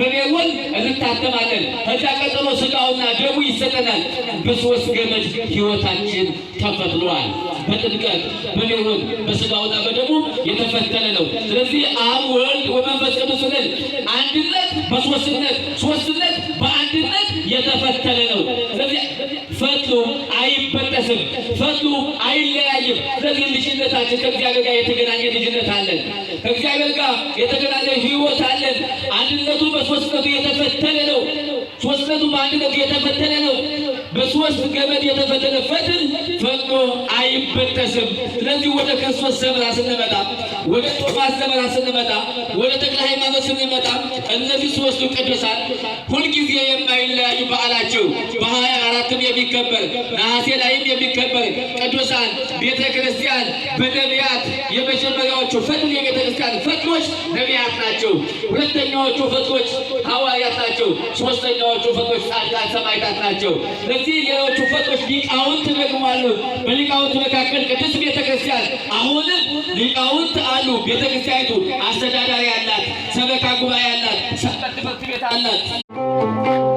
በኔ ወል እንታተማለን። ከዚያ ቀጥሎ ስጋውና ደሙ ይሰጠናል። በሶስት ገመድ ሕይወታችን ተፈትሏል። በጥምቀት በኔ ወል በስጋውና በደሙ የተፈተነ ነው። ስለዚህ አብ ወልድ ወመንፈስ ቅዱስ ነን። አንድነት በሶስትነት ሶስትነት በአንድነት የተፈተነ ነው። ስለዚህ ፈቱ አይበ አይከፍልም። ፈቱ አይለያይም። ስለዚህ ልጅነታችን ከእግዚአብሔር ጋር የተገናኘ ልጅነት አለን። ከእግዚአብሔር ጋር የተገናኘ ህይወት አለን። አንድነቱ በሶስትነቱ የተፈተነ ነው። ሶስትነቱ በአንድነቱ የተፈተነ ነው። በሶስት ገመድ የተፈተነ ፈትል ፈጥኖ አይበጠስም። ስለዚህ ወደ ክርስቶስ ዘመን ስንመጣ፣ ወደ ቶማስ ዘመን ስንመጣ፣ ወደ ተክለ ሃይማኖት ስንመጣ እነዚህ ሶስቱ ቅዱሳን ሁልጊዜ የማይለያዩ በዓላቸው በሀያ አራትም የሚከበር ነሐሴ ላይም የሚከበር ቅዱሳን ቤተ ክርስቲያን በነቢያት የመጀመሪያዎቹ ፈትል የቤተ ክርስቲያን ፈትሎች ነቢያት ናቸው። ሁለተኛዎቹ ፈትሎች ናቸው። ሶስተኛዎቹ ፈቶች ጻድቃን፣ ሰማዕታት ናቸው። ለዚህ ሌሎቹ ፈቶች ሊቃውንት ይጠቅማሉ። በሊቃውንት መካከል ቅድስት ቤተክርስቲያን አሁንም ሊቃውንት አሉ። ቤተክርስቲያኒቱ አስተዳዳሪ ያላት፣ ሰበካ ጉባኤ ያላት፣ ሰንበት ትምህርት ቤት አላት።